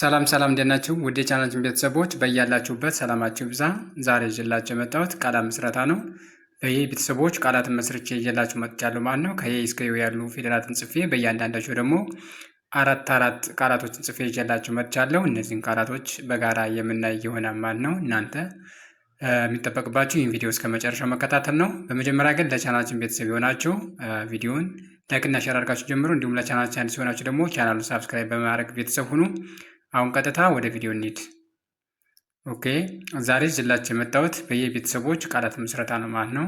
ሰላም ሰላም እንዴት ናችሁ? ውድ የቻናችን ቤተሰቦች በያላችሁበት ሰላማችሁ ብዛ። ዛሬ ይዤላችሁ የመጣሁት ቃላት ምስረታ ነው። በየ ቤተሰቦች ቃላትን መስርቼ ይዤላችሁ መጥቻለሁ ማለት ነው። ከየ እስከ ዩ ያሉ ፊደላትን ጽፌ በእያንዳንዳቸው ደግሞ አራት አራት ቃላቶችን ጽፌ ይዤላችሁ መጥቻለሁ። እነዚህን ቃላቶች በጋራ የምናይ የሆነ ማለት ነው። እናንተ የሚጠበቅባችሁ ይህን ቪዲዮ እስከ መጨረሻው መከታተል ነው። በመጀመሪያ ግን ለቻናችን ቤተሰብ የሆናችሁ ቪዲዮን ላይክና ሸር አድርጋችሁ ጀምሩ። እንዲሁም ለቻናችን ሲሆናችሁ ደግሞ ቻናሉ ሳብስክራይብ በማድረግ ቤተሰብ ሁኑ። አሁን ቀጥታ ወደ ቪዲዮ እንሂድ። ኦኬ ዛሬ ዝላች የመጣሁት በየቤተሰቦች ቃላት ምስረታ ነው ማለት ነው።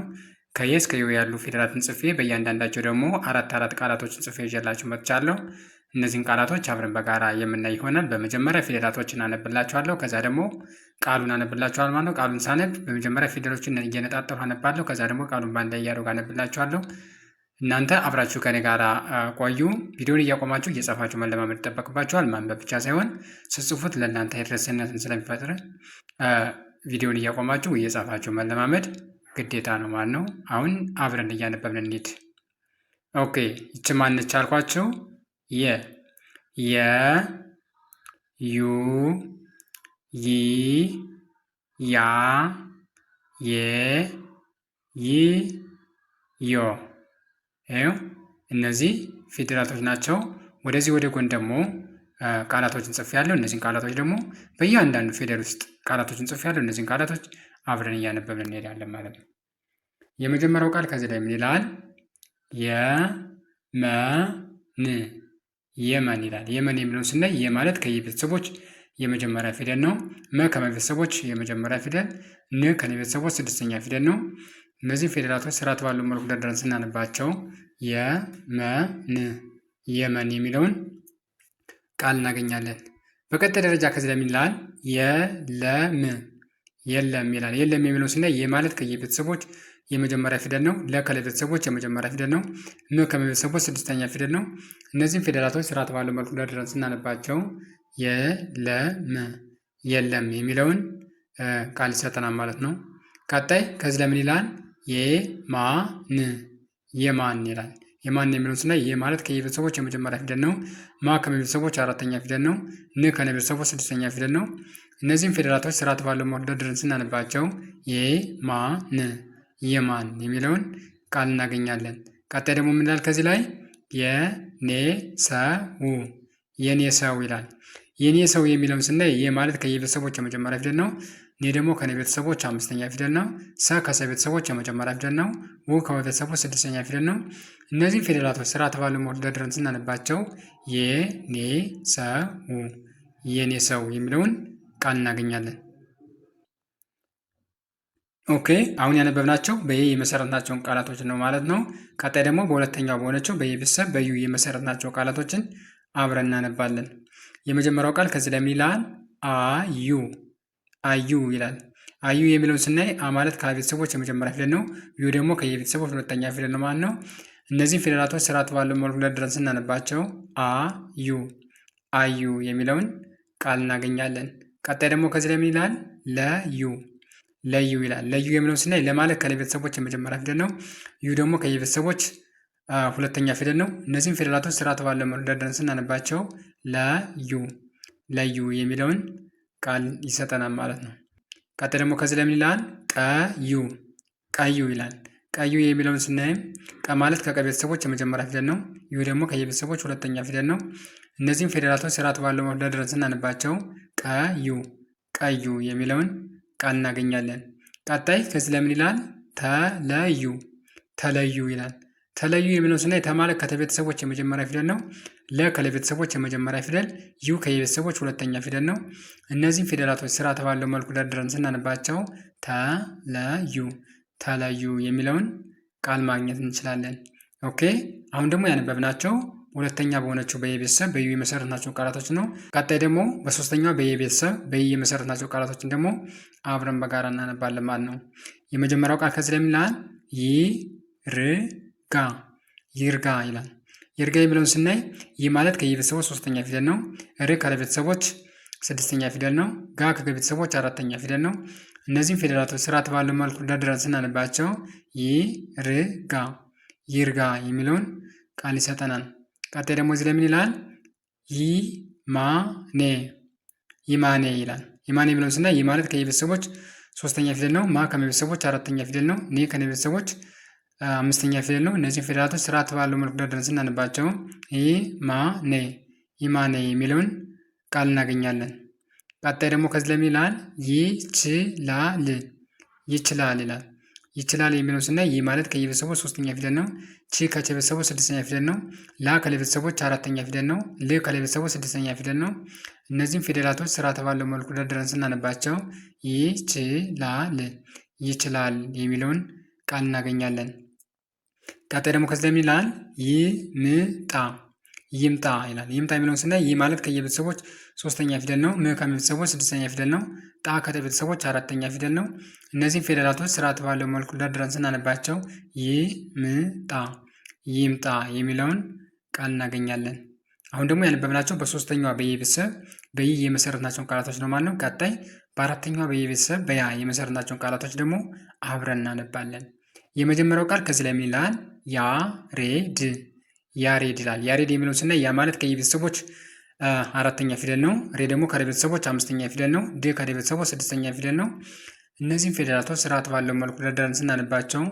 ከየ እስከ ያሉ ፊደላትን ጽፌ በእያንዳንዳቸው ደግሞ አራት አራት ቃላቶችን ጽፌ ይዤላችሁ መጥቻለሁ። እነዚህን ቃላቶች አብረን በጋራ የምናይ ይሆናል። በመጀመሪያ ፊደላቶችን አነብላችኋለሁ፣ ከዛ ደግሞ ቃሉን አነብላችኋል ማለት ነው። ቃሉን ሳነብ በመጀመሪያ ፊደሎችን እየነጣጠሉ አነባለሁ፣ ከዛ ደግሞ ቃሉን በአንድ ላይ እያደረጉ አነብላችኋለሁ። እናንተ አብራችሁ ከኔ ጋር ቆዩ። ቪዲዮን እያቆማችሁ እየጻፋችሁ መለማመድ ይጠበቅባችኋል። ማንበብ ብቻ ሳይሆን ስጽፉት ለእናንተ የደረስነትን ስለሚፈጥር ቪዲዮን እያቆማችሁ እየጸፋችሁ መለማመድ ግዴታ ነው ማለት ነው። አሁን አብረን እያነበብን እንሂድ። ኦኬ ይች ማነች አልኳችሁ? የ የ ዩ ይ ያ የ ይ ዮ ይኸው እነዚህ ፊደላቶች ናቸው። ወደዚህ ወደ ጎን ደግሞ ቃላቶችን ያለው እነዚህን ቃላቶች ደግሞ በእያንዳንዱ ፊደል ውስጥ ቃላቶችን ያለው እነዚህን ቃላቶች አብረን እያነበብን እንሄዳለን ማለት ነው። የመጀመሪያው ቃል ከዚህ ላይ ምን ይላል? የመን የመን ይላል። የመን የሚለውን ስናይ የ ማለት ከየ ቤተሰቦች የመጀመሪያ ፊደል ነው። መ ከመ ቤተሰቦች የመጀመሪያ ፊደል፣ ን ከነ ቤተሰቦች ስድስተኛ ፊደል ነው። እነዚህም ፊደላቶች ስርዓት ባለው መልኩ ደርድረን ስናነባቸው የመን የመን የሚለውን ቃል እናገኛለን። በቀጣይ ደረጃ ከዚህ ለምን ይላል የለም የለም ይላል። የለም የሚለውን ስናይ የ ማለት ከየቤተሰቦች የመጀመሪያ ፊደል ነው። ለ ከለቤተሰቦች የመጀመሪያ ፊደል ነው። ም ከመቤተሰቦች ስድስተኛ ፊደል ነው። እነዚህም ፊደላቶች ስርዓት ባለው መልኩ ደርድረን ስናነባቸው የለም የለም የሚለውን ቃል ይሰጠናል ማለት ነው። ቀጣይ ከዚህ ለምን ይላል የማን የማን ይላል። የማን የሚለውን ስናይ ይህ ማለት ከየ የመጀመሪያ ፊደል ነው። ማ ከቤተሰቦች አራተኛ ፊደል ነው። ን ከነ ስድስተኛ ፊደል ነው። እነዚህም ፊደላቶች ስርዓት ባለው መወዳደርን ስናነባቸው የማን የማን የሚለውን ቃል እናገኛለን። ቀጣይ ደግሞ ምን ይላል ከዚህ ላይ የኔ ሰው የኔ ሰው ይላል። የኔ ሰው የሚለውን ስናይ ይህ ማለት ከየ የመጀመሪያ ፊደል ነው። ኔ ደግሞ ከኔ ቤተሰቦች አምስተኛ ፊደል ነው። ሰ ከሰ ቤተሰቦች የመጀመሪያ ፊደል ነው። ው ከቤተሰቦች ስድስተኛ ፊደል ነው። እነዚህ ፊደላቶች ስራ ተባለ ደርድረን ስናነባቸው የኔ ሰው የኔ ሰው የሚለውን ቃል እናገኛለን። ኦኬ አሁን ያነበብናቸው በየ የመሰረትናቸውን ቃላቶች ነው ማለት ነው። ቀጣይ ደግሞ በሁለተኛው በሆነችው በየቤተሰብ በዩ የመሰረትናቸው ቃላቶችን አብረን እናነባለን። የመጀመሪያው ቃል ከዚህ ለሚላል አዩ አዩ ይላል። አዩ የሚለውን ስናይ አ ማለት ከቤተሰቦች የመጀመሪያ ፊደል ነው። ዩ ደግሞ ከየቤተሰቦች ሁለተኛ ፊደል ነው ማለት ነው። እነዚህ ፊደላቶች ስርዓት ባለው መልኩ ደርድረን ስናነባቸው አ ዩ አዩ የሚለውን ቃል እናገኛለን። ቀጣይ ደግሞ ከዚህ ላይ ምን ይላል? ለዩ ለዩ ይላል። ለዩ የሚለውን ስናይ ለማለት ከቤተሰቦች የመጀመሪያ ፊደል ነው። ዩ ደግሞ ከየቤተሰቦች ሁለተኛ ፊደል ነው። እነዚህም ፊደላቶች ስርዓት ባለው መልኩ ደርድረን ስናነባቸው ለዩ ለዩ የሚለውን ቃል ይሰጠናል ማለት ነው። ቀጥ ደግሞ ከዚህ ለምን ይላል? ቀዩ ቀዩ ይላል። ቀዩ የሚለውን ስናይም ቀ ማለት ከቀ ቤተሰቦች የመጀመሪያ ፊደል ነው። ዩ ደግሞ ከየቤተሰቦች ሁለተኛ ፊደል ነው። እነዚህም ፌዴራቶች ስርዓት ባለው መልኩ ድረስ ስናነባቸው ቀዩ ቀዩ የሚለውን ቃል እናገኛለን። ቀጣይ ከዚህ ለምን ይላል? ተለዩ ተለዩ ይላል። ተለዩ የሚለውን ስናይ ተማለ ከተቤተሰቦች የመጀመሪያ ፊደል ነው። ለ ከለቤተሰቦች የመጀመሪያ ፊደል፣ ዩ ከየቤተሰቦች ሁለተኛ ፊደል ነው። እነዚህም ፊደላቶች ስራ ተባለው መልኩ ደርድረን ስናነባቸው ተለዩ ተለዩ የሚለውን ቃል ማግኘት እንችላለን። ኦኬ አሁን ደግሞ ያነበብናቸው ሁለተኛ በሆነችው በየቤተሰብ በዩ የመሰረትናቸው ቃላቶች ነው። ቀጣይ ደግሞ በሶስተኛው በየቤተሰብ የመሰረት የመሰረትናቸው ቃላቶችን ደግሞ አብረን በጋራ እናነባለን ማለት ነው። የመጀመሪያው ቃል ከዚህ ላይ ይርዳል ጋ ይርጋ ይላል። ይርጋ የሚለውን ስናይ ይህ ማለት ከየቤተሰቦች ሶስተኛ ፊደል ነው። ር ካለቤተሰቦች ስድስተኛ ፊደል ነው። ጋ ከቤተሰቦች አራተኛ ፊደል ነው። እነዚህም ፊደላቶች ስርዓት ባለው መልኩ ደርድረን ስናነባቸው ይርጋ ይርጋ የሚለውን ቃል ይሰጠናል። ቀጣይ ደግሞ እዚህ ለምን ይላል ይማኔ ይማኔ ይላል። ይማኔ የሚለውን ስናይ ይህ ማለት ከየቤተሰቦች ሶስተኛ ፊደል ነው። ማ ከመቤተሰቦች አራተኛ ፊደል ነው። ኔ ከነቤተሰቦች አምስተኛ ፊደል ነው። እነዚህ ፊደላቶች ስርዓት ባለው መልኩ ደርድረን ስናነባቸው ኢማኔ ኢማኔ የሚለውን ቃል እናገኛለን። ቀጣይ ደግሞ ከዚህ ለሚ ይላል ይችላል ይችላል ይላል። ይችላል የሚለው ስናይ ይህ ማለት ከየቤተሰቦች ሶስተኛ ፊደል ነው። ቺ ከቤተሰቦች ስድስተኛ ፊደል ነው። ላ ከቤተሰቦች አራተኛ ፊደል ነው። ል ከቤተሰቦች ስድስተኛ ፊደል ነው። እነዚህም ፊደላቶች ስርዓት ባለው መልኩ ደርድረን ስናነባቸው ይችላል ይችላል የሚለውን ቃል እናገኛለን። ቀጣይ ደግሞ ከዚህ ምን ይላል? ይምጣ ይምጣ ይላል። ይምጣ የሚለውን ስናይ ይህ ማለት ከየቤተሰቦች ሶስተኛ ፊደል ነው። ም ከቤተሰቦች ስድስተኛ ፊደል ነው። ጣ ከቤተሰቦች አራተኛ ፊደል ነው። እነዚህም ፊደላቶች ስርዓት ባለው መልኩ ደርድረን ስናነባቸው ይምጣ ይምጣ የሚለውን ቃል እናገኛለን። አሁን ደግሞ ያነበብናቸው በሶስተኛዋ በየቤተሰብ በይ የመሰረትናቸውን ቃላቶች ነው ማለት ነው። ቀጣይ በአራተኛዋ በየቤተሰብ በያ የመሰረትናቸውን ቃላቶች ደግሞ አብረን እናነባለን። የመጀመሪያው ቃል ከዚህ ላይ ምን ይላል? ያሬድ ያሬድ ይላል። ያሬድ የሚለውን ስናይ ያ ማለት ከየ ቤተሰቦች አራተኛ ፊደል ነው። ሬ ደግሞ ከደ ቤተሰቦች አምስተኛ ፊደል ነው። ድ ከደ ቤተሰቦች ስድስተኛ ፊደል ነው። እነዚህም ፊደላቶች ስርዓት ባለው መልኩ ደርድረን ስናነባቸው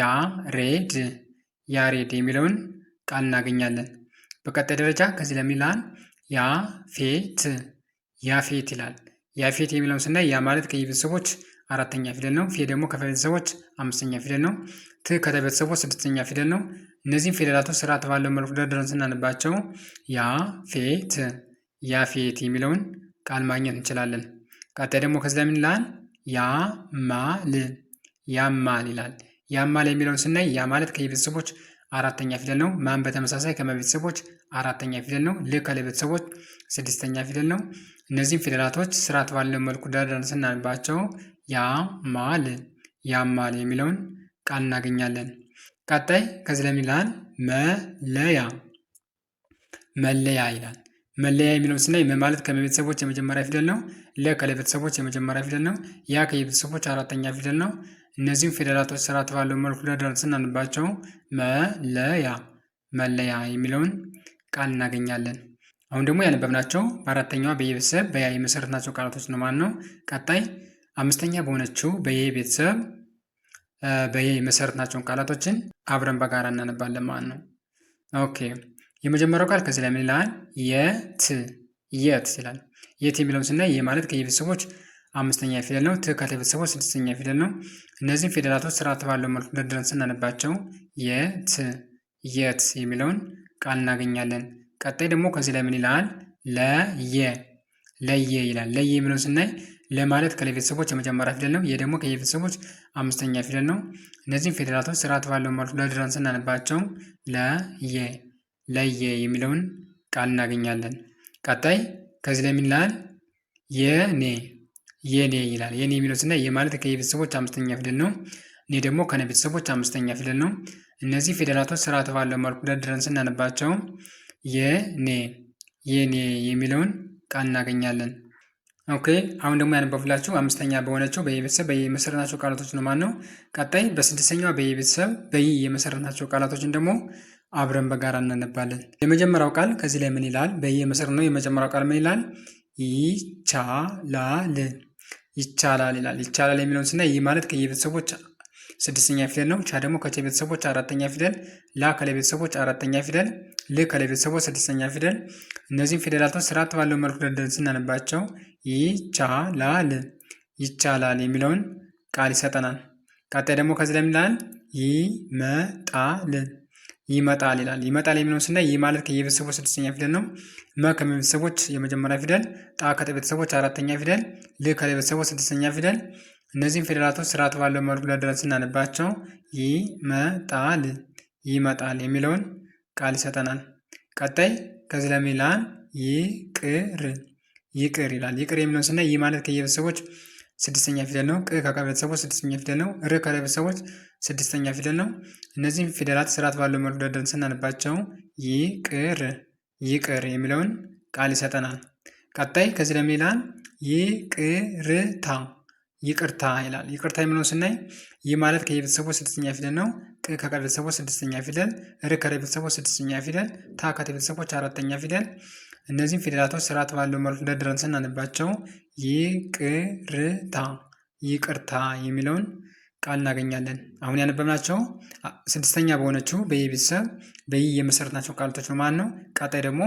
ያሬድ ያሬድ የሚለውን ቃል እናገኛለን። በቀጣይ ደረጃ ከዚህ ላይ ምን ይላል? ያፌት ያፌት ይላል። ያፌት የሚለውን ስናይ ያ ማለት ከየ ቤተሰቦች አራተኛ ፊደል ነው። ፌ ደግሞ ከፈ አምስተኛ ፊደል ነው። ት ከተቤተሰቦች ስድስተኛ ፊደል ነው። እነዚህም ፊደላቶች ስርዓት ባለው መልኩ ደርድረን ስናንባቸው ያ ፌት ያ ፌት የሚለውን ቃል ማግኘት እንችላለን። ቀጣይ ደግሞ ከዚ ላይ ምን ይላል? ያማል ያማል ይላል። ያማል የሚለውን ስናይ ያ ማለት ከየቤተሰቦች አራተኛ ፊደል ነው። ማን በተመሳሳይ ከመቤተሰቦች አራተኛ ፊደል ነው። ል ከለቤተሰቦች ስድስተኛ ፊደል ነው። እነዚህም ፊደላቶች ስርዓት ባለው መልኩ ደርድረን ስናንባቸው ያ ያማል ያማል የሚለውን ቃል እናገኛለን። ቀጣይ ከዚህ ለምን ይላል መለያ መለያ ይላል። መለያ የሚለውን ስናይ መ ማለት ከመቤተሰቦች የመጀመሪያ ፊደል ነው። ለ ከለቤተሰቦች የመጀመሪያ ፊደል ነው። ያ ከየቤተሰቦች አራተኛ ፊደል ነው። እነዚህም ፊደላቶች ስርዓት ባለው መልኩ ደርድረን ስናነባቸው መለያ መለያ የሚለውን ቃል እናገኛለን። አሁን ደግሞ ያነበብናቸው በአራተኛዋ በየቤተሰብ በያ የመሰረት ናቸው ቃላቶች ነው ማለት ነው። ቀጣይ አምስተኛ በሆነችው በየ ቤተሰብ በየ የመሰረትናቸውን ቃላቶችን አብረን በጋራ እናነባለን ማለት ነው። ኦኬ የመጀመሪያው ቃል ከዚህ ላይ ምን ይላል? የት የት ይላል። የት የሚለውን ስናይ ይህ ማለት ከየቤተሰቦች አምስተኛ ፊደል ነው። ት ከቤተሰቦች ስድስተኛ ፊደል ነው። እነዚህም ፊደላቶች ስርዓት ባለው መልኩ ደርድረን ስናነባቸው የት የት የሚለውን ቃል እናገኛለን። ቀጣይ ደግሞ ከዚህ ላይ ምን ይላል? ለየ ለየ ይላል። ለየ የሚለውን ስናይ ለማለት ከለቤተሰቦች የመጀመሪያ ፊደል ነው። ይህ ደግሞ ከየቤተሰቦች አምስተኛ ፊደል ነው። እነዚህም ፊደላቶች ስርዓት ባለው መልኩ ለድረን ስናነባቸው ለየ ለየ የሚለውን ቃል እናገኛለን። ቀጣይ ከዚህ ላይ ምን ይላል? የኔ የኔ ይላል። የኔ የሚለው ስና ይህ ማለት ከየቤተሰቦች አምስተኛ ፊደል ነው። እኔ ደግሞ ከነቤተሰቦች አምስተኛ ፊደል ነው። እነዚህ ፊደላቶች ስርዓት ባለው መልኩ ለድረን ስናነባቸው የኔ የኔ የሚለውን ቃል እናገኛለን። ኦኬ አሁን ደግሞ ያነበብላችሁ አምስተኛ በሆነችው በየቤተሰብ በየመሰረትናቸው ቃላቶች ነው ማነው ቀጣይ በስድስተኛዋ በየቤተሰብ በይ የመሰረትናቸው ቃላቶችን ደግሞ አብረን በጋራ እናነባለን። የመጀመሪያው ቃል ከዚህ ላይ ምን ይላል? በየመሰረት ነው። የመጀመሪያው ቃል ምን ይላል? ይቻላል ይቻላል ይላል። ይቻላል የሚለውን ስና ይህ ማለት ከየቤተሰቦች ስድስተኛ ፊደል ነው። ቻ ደግሞ ከቼ ቤተሰቦች አራተኛ ፊደል፣ ላ ከላ ቤተሰቦች አራተኛ ፊደል፣ ል ከላ ቤተሰቦች ስድስተኛ ፊደል። እነዚህም ፊደላቶች ስርዓት ባለው መልኩ ደደን ስናነባቸው ይቻላል ይቻላል የሚለውን ቃል ይሰጠናል። ቀጣይ ደግሞ ከዚህ ላይ ምላል ይመጣል ይመጣል ይላል። ይመጣል የሚለውን ስናይ ይህ ማለት ከየቤተሰቦች ስድስተኛ ፊደል ነው። መ ከቤተሰቦች የመጀመሪያ ፊደል፣ ጣ ከቤተሰቦች አራተኛ ፊደል፣ ል ከቤተሰቦች ስድስተኛ ፊደል። እነዚህም ፊደላቶች ስርዓት ባለው መልኩ ለደረስ ስናነባቸው ይመጣል ይመጣል የሚለውን ቃል ይሰጠናል። ቀጣይ ከዚህ ላይ ይቅር ይቅር ይላል። ይቅር የሚለውን ስናይ ይህ ማለት ከየቤተሰቦች ስድስተኛ ፊደል ነው። ቅ ከቀ ቤተሰቦች ስድስተኛ ፊደል ነው። ር ከረ ቤተሰቦች ስድስተኛ ፊደል ነው። እነዚህም ፊደላት ስርዓት ባለው መልኩ ደርድረን ስናነባቸው ይቅር ይቅር የሚለውን ቃል ይሰጠናል። ቀጣይ ከዚህ ለምን ይላል? ይቅርታ ይቅርታ ይላል። ይቅርታ የሚለውን ስናይ ይህ ማለት ከየቤተሰቦች ስድስተኛ ፊደል ነው። ቅ ከቀ ቤተሰቦች ስድስተኛ ፊደል፣ ር ከረ ቤተሰቦች ስድስተኛ ፊደል፣ ታ ከተ ቤተሰቦች አራተኛ ፊደል እነዚህም ፊደላቶች ስርዓት ባለው መልኩ ደርድረን ስናነባቸው ይቅርታ ይቅርታ የሚለውን ቃል እናገኛለን። አሁን ያነበብናቸው ስድስተኛ በሆነችው በይ ቤተሰብ በይ የመሰረትናቸው ቃላቶች ነው ማለት ነው። ቀጣይ ደግሞ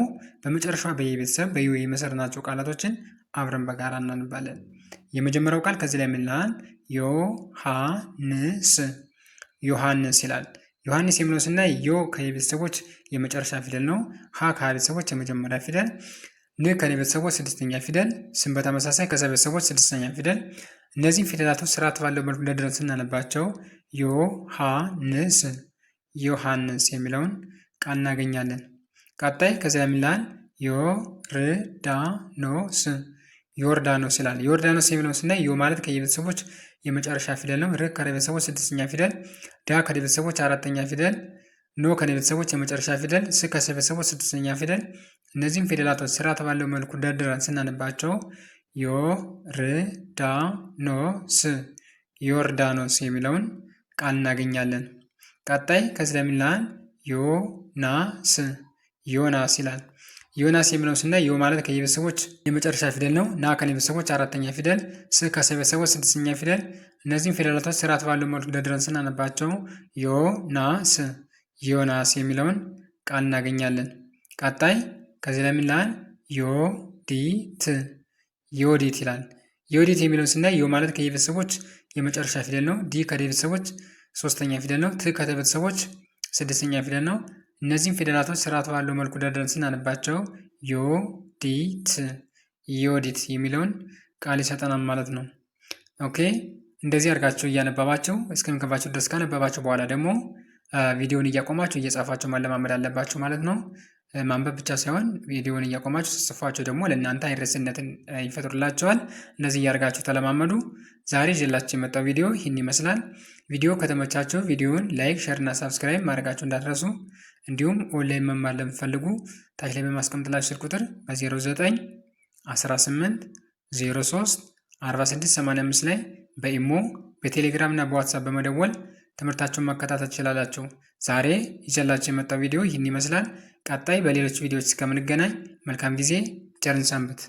በመጨረሻ በይ ቤተሰብ በዩ የመሰረትናቸው ቃላቶችን አብረን በጋራ እናነባለን። የመጀመሪያው ቃል ከዚህ ላይ የምንላል ዮሐንስ ዮሐንስ ይላል። ዮሐንስ የሚለው ስናይ ዮ ከየቤተሰቦች የመጨረሻ ፊደል ነው። ሀ ከሀቤተሰቦች የመጀመሪያ ፊደል፣ ን ከነቤተሰቦች ስድስተኛ ፊደል፣ ስም በተመሳሳይ ከሰቤተሰቦች ስድስተኛ ፊደል። እነዚህም ፊደላቶች ስርዓት ባለው መልኩ እንደደረስ ስናነባቸው ዮ ሀ ንስ ዮሐንስ የሚለውን ቃል እናገኛለን። ቀጣይ ከዚያ የሚላል ዮርዳኖስ ዮርዳኖስ ይላል። ዮርዳኖስ የሚለውን ስናይ ዮ ማለት ከየቤተሰቦች የመጨረሻ ፊደል ነው። ር ከረ ቤተሰቦች ስድስተኛ ፊደል፣ ዳ ከደ ቤተሰቦች አራተኛ ፊደል፣ ኖ ከነ ቤተሰቦች የመጨረሻ ፊደል፣ ስ ከሰ ቤተሰቦች ስድስተኛ ፊደል። እነዚህም ፊደላቶች ስርዓት ባለው መልኩ ደርድረን ስናነባቸው ዮ ር ዳ ኖ ስ ዮርዳኖስ የሚለውን ቃል እናገኛለን። ቀጣይ ከስለሚላን ዮ ና ስ ዮናስ ይላል። ዮናስ የሚለውን ስናይ ዮ ማለት ከየቤተሰቦች የመጨረሻ ፊደል ነው። ና ከቤተሰቦች አራተኛ ፊደል፣ ስ ከሰቤተሰቦች ስድስተኛ ፊደል። እነዚህም ፊደላቶች ስርዓት ባለው መልኩ ደርድረን ስናነባቸው ዮ ና ስ ዮናስ የሚለውን ቃል እናገኛለን። ቀጣይ ከዚህ ላይ ምን ላል ዮ ዲ ት ዮዲት ይላል። ዮዲት የሚለውን ስናይ ዮ ማለት ከየቤተሰቦች የመጨረሻ ፊደል ነው። ዲ ከደቤተሰቦች ሶስተኛ ፊደል ነው። ት ከተቤተሰቦች ስድስተኛ ፊደል ነው። እነዚህም ፊደላቶች ስርዓት ባለው መልኩ ደርድረን ስናነባቸው ዮዲት ዮዲት የሚለውን ቃል ይሰጠናል ማለት ነው። ኦኬ እንደዚህ አድርጋችሁ እያነበባችሁ እስከሚከባችሁ ድረስ ካነበባችሁ በኋላ ደግሞ ቪዲዮን እያቆማችሁ እየጻፋችሁ ማለማመድ አለባችሁ ማለት ነው። ማንበብ ብቻ ሳይሆን ቪዲዮውን እያቆማችሁ ስጽፏቸው ደግሞ ለእናንተ አይረስነትን ይፈጥሩላቸዋል። እነዚህ እያደርጋችሁ ተለማመዱ። ዛሬ ይዤላችሁ የመጣው ቪዲዮ ይህን ይመስላል። ቪዲዮ ከተመቻችሁ ቪዲዮውን ላይክ፣ ሸር እና ሳብስክራይብ ማድረጋችሁ እንዳትረሱ። እንዲሁም ኦንላይን መማር ለምትፈልጉ ታች ላይ በማስቀምጥላችሁ ስልክ ቁጥር በ09 18 03 4685 ላይ በኢሞ በቴሌግራም እና በዋትሳፕ በመደወል ትምህርታቸውን መከታተል ትችላላችሁ። ዛሬ ይዤላችሁ የመጣው ቪዲዮ ይህን ይመስላል። ቀጣይ በሌሎች ቪዲዮዎች እስከምንገናኝ መልካም ጊዜ፣ ቸርን ሰንብት።